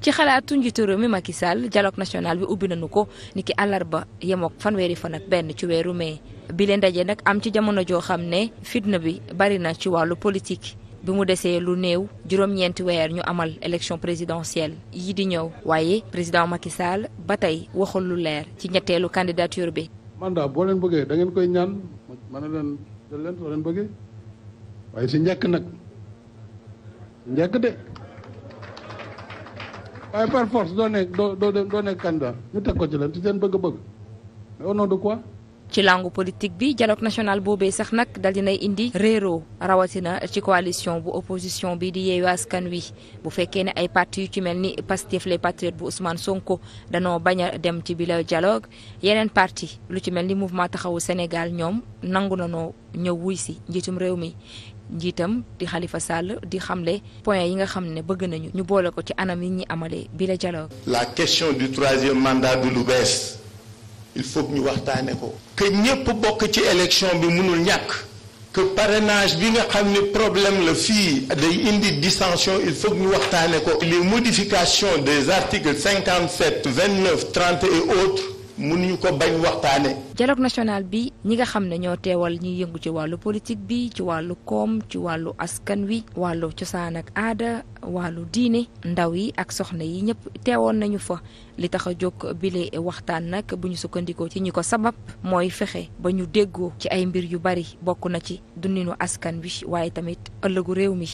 ci xalaatu njiitu réew mi Sall dialogue national bi ubbi na nañu ko niki àllarba yemook fanweeri fan benn ci weeru mai bi leen daje nag am ci jamono joo xam ne fitna bi bari na ci wàllu politique bi mu desee lu néew juróom-ñeenti weer ñu amal élection présidentielle yi di ñëw waaye président Macky Sall ba tey waxul lu leer ci ñetteelu candidature bi. mandat boo leen bëggee da koy ñaan ma leen jël leen soo leen bëggee waaye si njëkk nag njëkk waaye par force doo nekk doo doo nekk candidat ñu teg ko ci lan ci seen bëgg-bëgg au nom de quoi ci langue politique bi dialogue national boobee sax nag dal dinay indi réeroo rawatina ci coalition bu opposition bi di yeewu askan wi bu fekkee ne ay parti yu ci mel ni Pastef les patriotes bu Ousmane Sonko danoo bañ a dem ci bile dialogue yeneen parti lu ci mel ni mouvement taxawu Sénégal ñoom nangu noo ñëw wuy si njiitum réew mi njiitam di xalifa sàll di xamle point yi nga xam ne bëgg nañu ñu boole ko ci anam yi ñuy amalee bile dialogue. La question il faut que ñu waxtaane ko que ñépp bokk ci élection bi mënul ñàkk que parrainage bi nga xam ni problème la fii day indi dissension il faut que ñu waxtaane ko les modifications des articles 57 29 30 et autres mënuñu ko bañ waxtaane dialogue national bi ñi nga xam ne ñoo teewal ñuy yëngu ci wàllu politique bi ci wàllu koom ci wàllu askan wi wàllu cosaan ak aada wàllu diine ndaw yi ak soxna yi ñëpp teewoon nañu fa li tax a jóg bile waxtaan nag bu ñu sukkandikoo ci ñi ko sabab mooy fexe ba ñu déggoo ci ay mbir yu bari bokk na ci dundinu askan wi waaye tamit ëllëgu réew mi